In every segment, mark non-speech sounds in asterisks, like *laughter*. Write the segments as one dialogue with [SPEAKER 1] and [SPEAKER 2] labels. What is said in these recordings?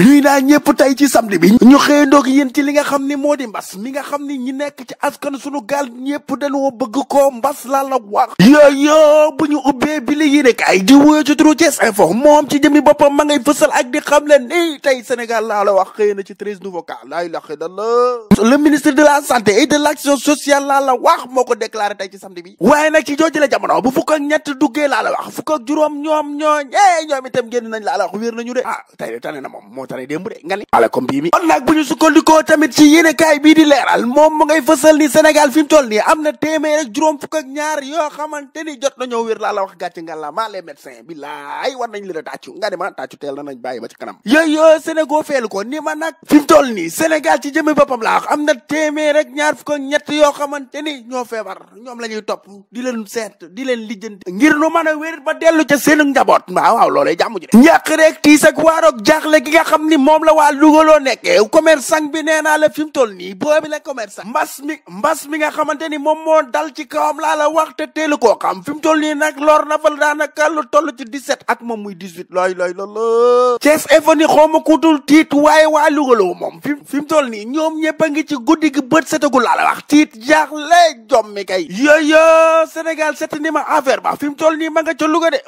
[SPEAKER 1] ñuy naa ñëpp tey ci samedi bi ñu xëy ndoog yéen ci li nga xam ni moo di mbas mi nga xam ni ñu nekk ci askan sunu gaal ñëpp dañoo bëgg koo mbas laa la wax yooyo bu ñu ubbee bi li yéene kaay di wóyo ci turu Thiès Info moom ci jëmi boppam ma ngay fësal ak di xam leen ni tey Sénégal laa la wax xëy na ci treize nouveaux cas laa ilaaha illallaah le ministre de la santé et de l'action sociale laa la wax moo ko déclaré tey ci samedi bi waaye nag ci jooju la jamono bu fukk ak ñett duggee fukk ak ñoom ñooñee ñoom itam génn nañ laa la wax wér nañu de ah na moom moo tane démb de nga ne ala comme na téeméer ak juróom la wax gàcce nga la maa les médecins bi laay war nañ leen a tàccu nga ne ma na nañ bàyyi ba ci kanam yooyu yoo Sénégal feelu ko ni ma nag fi mu toll Sénégal ci jëmmi boppam laa am na téeméer ak ñaar fukk ak ñett yoo xamante ni ñoo feebar ñoom la top topp di leen seet di leen lijjanti ngir nu mën a wér ba dellu ca seen njaboot waaw waaw loolee jàmm ji de ñàq rek tiis ak waarok jaaxle gi nga xam ni moom la waa Louga loo nekkee commerçant bi nee naa la fi mu toll nii boobi la commerçant mbas mi nga xamante ni moom moo dal ci kawam laa la wax te teelu koo xam fi mu toll nii nag lor na fa daanaka kal toll ci 17 ak moom muy 18 looy looy loolu Thiès Eveni xawma kutul tiit waaye waa Louga loo moom fi fi mu toll nii ñoom ñëpp a ngi ci guddi gi bët setagu laa la wax tiit jaaxle jom mi kay yooyo Sénégal set ni ma affaire ba fi mu toll nii ma nga ca Louga de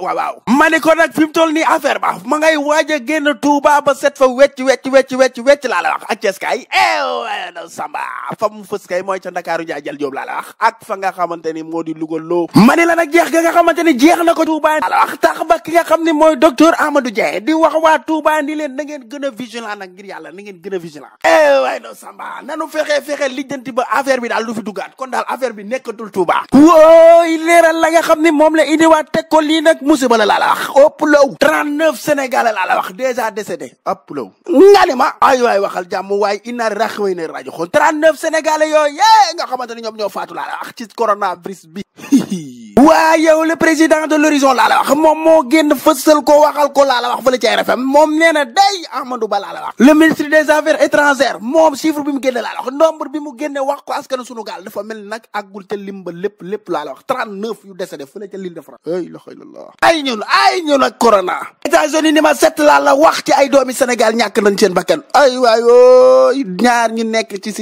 [SPEAKER 1] ma ni mu nii affaire ba set fa wecc wecc wecc wecc wecc laa la wax ak Cees kay ew eh, samba fa mu fës kay mooy ca Ndakaaru njaajal jal laa la wax ak fa nga xamante ni moo di Louga loo ma ne la nag jeex ga nga xamante ni jeex na ko Touba laa la wax tax ba ki nga xam ne mooy docteur Amadou Dieng di wax waa Touba ni leen na ngeen gën a vigilant nag ngir yàlla na ngeen gën a vigilant ewaay eh, no samba nanu fexe fexe lijjanti ba affaire bi daal du fi duggaat kon daal affaire bi nekkatul Touba wooy leeral la nga xam ne moom la indiwaat teg ko lii nag musiba la laa la wax ëpp law 39 Sénégalais laa la wax déjà décédé pulaw nga ne ma ay waay waxal jàmm waaye inaari raxaway ne rajo xool 39 sénégalais yooyu yee nga xamante ne ñoom ñoo faatu laa wax ci coronavirus bi *laughs* waa yow le président de l'horizon laa wax moom moo génn fësal ko waxal ko laa la wax fële ci RFM moom nee na day Amadou Ba laa la wax le ministre des affaires étrangères moom chiffre bi mu génne laa wax nombre bi mu génne wax ko askan sunu gaal mel nag àggul ca lim ba lépp lépp laa wax trente-neuf yu décédé fële ca l'île de France ay la xëy ñun ay ñun ak corona états-unis ni set laa wax ci ay doomi Sénégal ñàkk nañ seen bakkan ay waayooy ñaar ñu nekk ci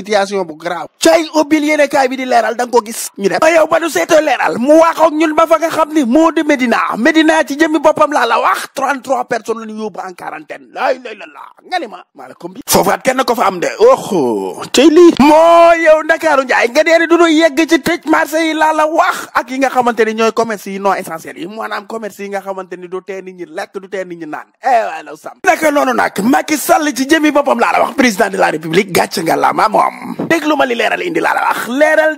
[SPEAKER 1] bu grave cay ubbil yéene kaay bi di leeral da nga gis ñu dem yow ba du seetoo leeral taxaw ñun ba fa nga xam ni moo di Medina Medina ci jëmmi boppam laa la wax 33 personnes la ñu yóbbu quarantaine laay lay la laa nga ni ma maaleykum bi foofaat kenn ko fa de oh tey lii moo yow Ndakaaru Njaay nga deene du ñu yegg ci tëj marché laa la wax ak yi nga xamante ni ñooy commerce yi non essentiel yi maanaam commerce yi nga xamante ni du tee nit ñi lekk du tee nit ñi naan eh waay la sàmm naka noonu nag Macky Sall ci jëmmi boppam laa la wax président de la la ma moom déglu ma la wax leeral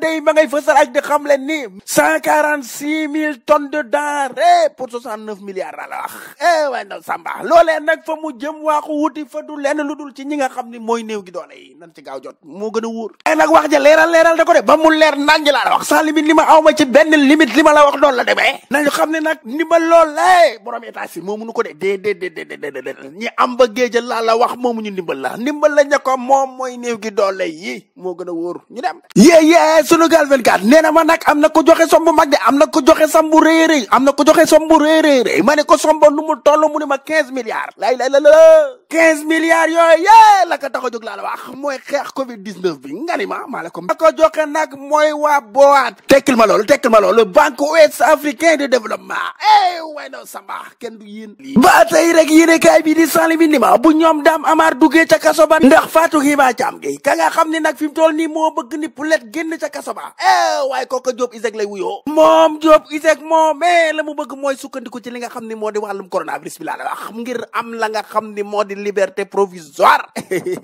[SPEAKER 1] six mille tonnes de denrées eh, pour soixante neuf milliards la wax eh waaye na Samba loolee nag fa mu jëm waaxu wuti fa du lenn lu dul ci ñi nga xam ni mooy néew gi doole yi nan ci gaaw jot moo gën a wóor ay eh, nag wax ja leeral leeral ko de ba mu leer nangi laa wax sans limite li ma aw ma ci benn limite li ma la wax noonu la demee nañu xam ne nag ndimbal loolee eh, borom état si moo munu ko de dee dee dee dee dee am ba géej laa la wax moomuñu ndimbal la ndimbal la ña ko moom mooy néew gi doole yi moo gën a wóor ñu dem yée yée na ma nag am na ko joxe som bu mag de am na na ko joxe sam bu rëy rëy am na ko joxe som bu rëy ma ko sombo lu mu mu ne ma quinze milliards lay lay la la quinze milliards yooyu yée la ko tax a jóg laa la wax mooy xeex bi nga ni ma maa la ko ma ko joxe nag mooy waa bowaat tekkil ma loolu tekkil ma loolu banque ouest africain de développement eh way no samba kenn du yéen ba tey rek yéene kaay bi di sanli bi ma bu ñoom daam amaar duggee ca kaso ba ndax Fatou Hiba Thiam Gueye ka nga xam ni nag fi mu toll nii moo bëgg ni poulet génn ca kaso ba eh, Maam i iseeg moo mais la mu bëgg mooy sukkandiku ci li nga xam ni moo di wàllum coronavirus bi laa la wax ngir am la nga xam ni moo di liberté provisoire *laughs*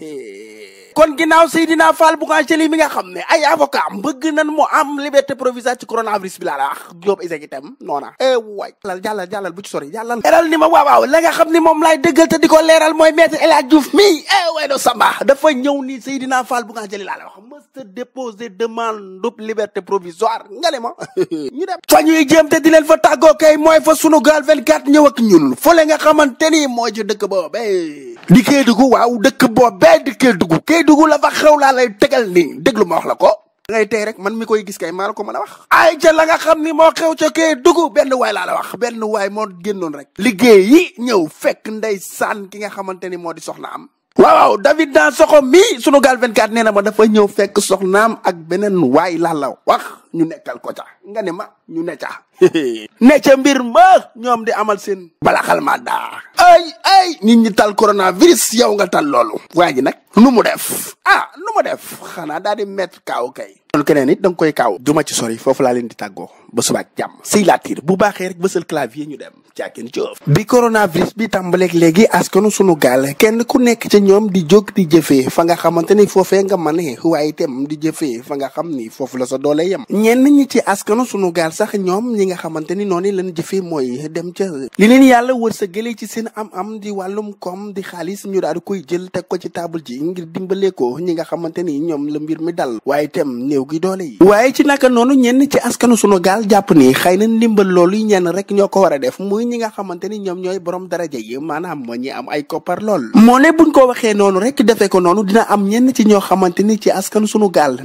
[SPEAKER 1] kon ginnaaw Seydina Fall bu Angeli mi nga xam ne ay avocat am bëgg nan mu am liberté provisoire ci coronavirus bi laa la wax Diop Isaac itam noona e bu ci sori jàllal eral ni ma waaw waaw la nga xam ni moom laay dëggal di ko leeral mooy maître El Hadj Diouf mii e way do samba dafa ñëw ni Seydina Fall bu Angeli laa la wax mësta déposer demande de liberté provisoire nga ne ma *laughs* ñu dem fa ñuy jéem te di leen fa tàggoo kay mooy fa sunu gaal 24 ñëw ak ñun fële nga xamante ni mooy ci dëkk boobee di Kédougou waaw dëkk boobee di Kédougou dugg la fa xew laa lay tegal nii déglu ma wax la ko. ngay tey rek man mi koy gis kay maa la ko mën a wax. ay ca la nga xam ni moo xew ca kee dugg benn waay laa la wax benn waay moo génnoon rek. liggéey ñëw fekk ndey saan ki nga xamante ni moo di soxna am. waaw David Dansokho mi Sunugal 24 nee na ma dafa ñëw fekk soxnaam ak beneen waay laala la wax. ñu nekkal ko ca nga ne ma ñu ne ca *laughs* ne mbir ma ñoom di amal seen balaxal ma daa ay ay nit ñi tal coronavirus yow nga tal loolu waa ji nag nu mu def ah nu mu def xanaa daal di mettre kaaw kay loolu keneen it da nga koy kaaw duma ci sori foofu laa leen di tàggoo ba subaak jàmm siy laatiir bu baaxee rek bësal clavier ñu dem caakin coof bi coronavirus bi tàmbaleeg léegi askanu sunu gaal kenn ku nekk ci ñoom di jóg di jëfee fa nga xamante ni foofee nga mane waaye itam di jëfee fa nga xam ni foofu la sa doole yem ñenn ñi ci askanu sunu gaal sax ñoom ñi nga xamante ni la lañ jëfee mooy dem ca li leen yàlla wërsëgalee ci seen am-am di wàllum koom di xaalis ñu daal di koy jël teg ko ci taabal ji ngir dimbalee ko ñi nga xamante ni ñoom la mbir mi dal waaye tem néew gi doole yi. waaye ci naka noonu ñenn ci askanu sunu gaal jàpp ni xëy na ndimbal loolu yi ñenn rek ñoo ko war a def muy ñi nga xamante ni ñoom ñooy borom daraja yi maanaam am ay koppar lool. moo ne buñ ko waxee noonu rek defee ko noonu dina am ñenn ci ñoo xamante ni ci askanu sunu gaal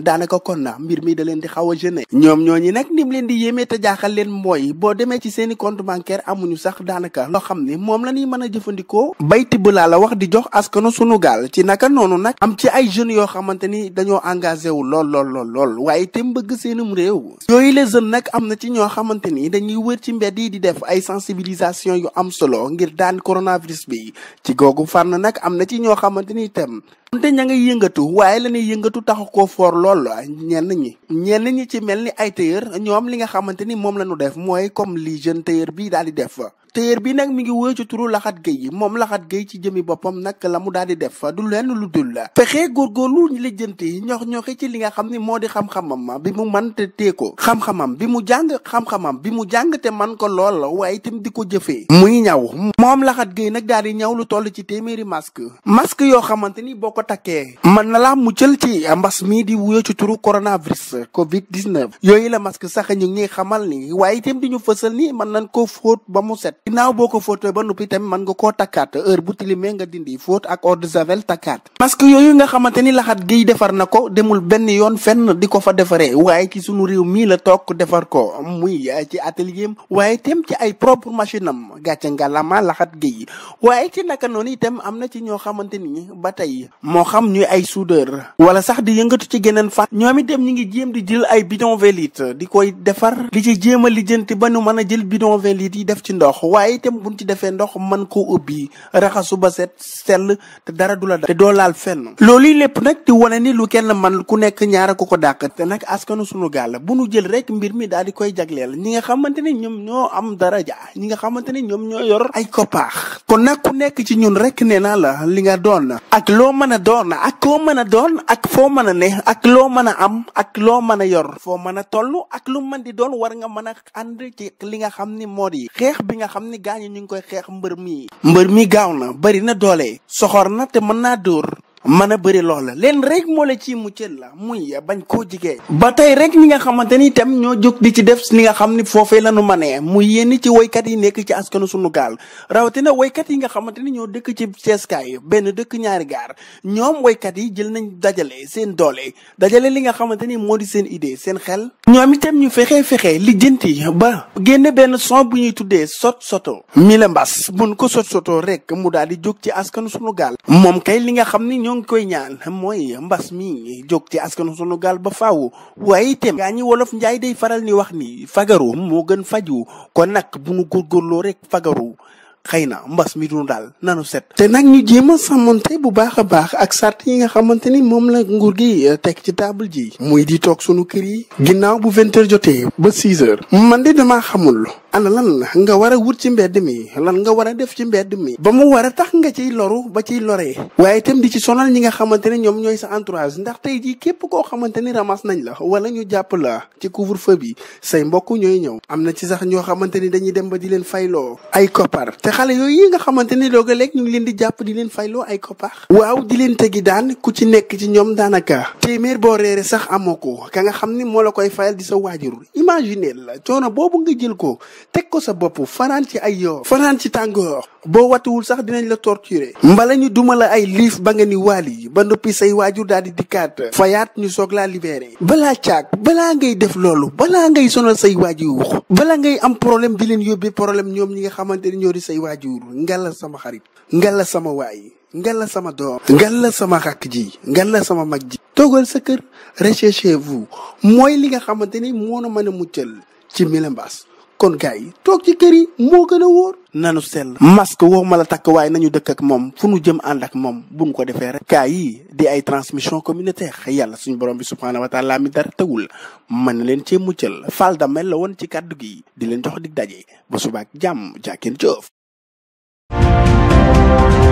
[SPEAKER 1] mbir mi da leen di xaw a ñoom ñooñi nag nim leen di yéemee te jaaxal leen mooy boo demee ci seeni compte bancaire amuñu sax daanaka loo xam ni moom la ñuy mën a jëfandikoo bay tibb laa la wax di jox askanu sunu gaal ci naka noonu nag am ci ay jeunes yoo xamante ni dañoo engagé wu lool lool lool waaye te mbëgg seenum réew yooyu les jeunes nag am na ci ñoo xamante ni dañuy wër ci mbedd yi di def ay sensibilisation yu am solo ngir daan coronavirus bi ci googu fànn nag am na ci ñoo xamante ni itam te ña ngay yëngatu waaye la ñuy yëngatu taxu ko foor lool ñenn ñi ñenn ñi ci mel ni ay tailleur ñoom li nga xamante ni moom la ñu def mooy comme li jeune tailleur bii daal di def téer bi nag mi ngi woy ci turu Laxat yi moom Laxat Gueye ci jëmi boppam nag la mu daal di def du lenn lu dul la fexe góorgóorlu ñu lijjanti ñox-ñoxe ci li nga xam ni moo di xam-xamam bi mu man te tee ko xam-xamam bi mu jàng xam bi mu jàng te man ko lool waaye itam di ko jëfee muy ñaw moom Laxat Gueye nag daal di ñaw lu toll ci téeméeri masque masque yoo xamante ni boo ko takkee mën na la mu muccal ci mbas mii di wuyoo ci turu coronavirus covid 19 yooyu la masque sax ñu ngi xamal ni waaye itam di ñu fësal ni mën nañ ko fóot ba mu set ginnaaw boo ko fóotee ba noppi tamit mën nga koo takkaat heure bu tilimee nga dindi fóot ak eau de javel takkaat que yooyu nga xamante ni laxat giy defar na ko demul benn yoon fenn di ko fa defaree waaye ci sunu réew mii la toog defar ko muy ci atelier am waaye itam ci ay propre machine am gàcce ngalama laxat giy waaye ci naka noonu itam am na ci ñoo xamante ni ba tey moo xam ñuy ay soudeur wala sax di yëngatu ci geneen fa ñoom dem ñu ngi jéem di jël ay bidon vingt di koy defar li ci jéem a lijjanti ba nu mën a jël bidon vingt yi def ci ndox waaye itam buñ ci defee ndox mën koo ubbi raxasu ba set sell te dara du la te doo laal fenn loolu lépp nag di wane ni lu kenn man ku nekk ñaara ko ko dàq te nag askanu sunu gaal bu nu jël rek mbir mi daal di koy jagleel ñi nga xamante ne ñoom ñoo am dara jaa ñi nga xamante ne ñoom ñoo yor ay koppaax kon nag ku nekk ci ñun rek nee naa la li nga doon ak loo mën a doon ak koo mën a doon ak foo mën a ne ak loo mën a am ak loo mën a yor foo mën a toll ak lu mën di doon war nga mën a ànd ci li nga xam ni moo di xeex bi nga xam xam ni gaañu ñu ngi koy xeex mbër mi mbër mi gaaw na bari na doole soxor na te mën naa dóor mën a bëri loola leen rek moo la ciy muccël la muy ya bañ koo jigee ba tey rek ñi nga xamante ni itam ñoo jóg di ci def li nga xam ni foofee la ñu manee muy yenn ci woykat yi nekk ci askanu sunu gaal rawatina woykat yi nga xamante ni ñoo dëkk ci ceeskaay benn dëkk ñaari gaar ñoom woykat yi jël nañ dajale seen doole dajale li nga xamante ni moo di seen idée seen xel ñoom itam ñu fexee fexe fexe yi ba génn benn son bu ñuy tuddee sot soto mi la mbas buñ ko sot soto rek mu daal di jóg ci askanu sunu gaal moom kay li nga xam ni ñoo ngi koy ñaan mooy mbas mi jóg ci askanu sunu gaal ba faaw waaye itam gaa ñi wolof njaay day faral ni wax ni fagaru moo gën faju kon nag bu nu góorgóorloo rek fagaru xëy na mbas mi du daal nanu set te nag ñu jéem a sàmmante bu baax a baax ak sart yi nga xamante ni moom la nguur gi euh, teg ci taable ji muy di toog sunu kër yi ginnaaw bu vingt jotee ba six heures man de damaa xamul ana lan la nga war a wut ci mbedd mi lan nga war a def ci mbedd mi ba mu war a tax nga ciy loru ba ciy loree waaye itam di ci sonal ñi nga xamante ne ñoom ñooy sa entourage ndax tey jii képp koo xamante ni ramas nañ la wala ñu jàpp la ci couvre bi say mbokk ñooy ñëw am na ci sax ñoo xamante ni dañuy dem ba di leen fayloo xale yooyu yi nga xamante ni léeg-léeg ñu ngi leen di jàpp di leen fayloo ay koppar waaw di leen tegi daan ku ci nekk ci ñoom daanaka téeméer boo reeree sax amoo ko ka nga xam ni moo la koy fayal di sa waajurul imagineel la coono boobu nga jël ko teg ko sa bopp fanaan ci ay yoo fanaan ci tàngoor boo watuwul sax dinañ la torturer mbala ñu duma la ay liif ba nga ni waali ba noppi say waajur daal di dikkaat fayaat ñu soog laa libéré balaa caag balaa ngay def loolu balaa ngay sonal say waajur balaa ngay am problème di leen yóbbee problème ñoom ñi nga xamante ni ñoo di waajur ngalla sama xarit ngalla sama waay ngalla sama doom ngalla sama rakk ji ngalla sama mag toogal sa kër recherchez vous mooy li nga xamante ni moo na mën a ci mille mbaas kon gars yi toog ci kër yi moo gën a wóor nanu sell masque waxuma la takk waaye nañu dëkk ak moom fu nu jëm ànd ak moom buñ ko defee rek kaa yi di ay transmission communautaire yàlla suñu borom bi subhaanahu wa taala mi dara tawul mën leen cee muccal fal damel la woon ci kàddu gi di leen jox Thank you.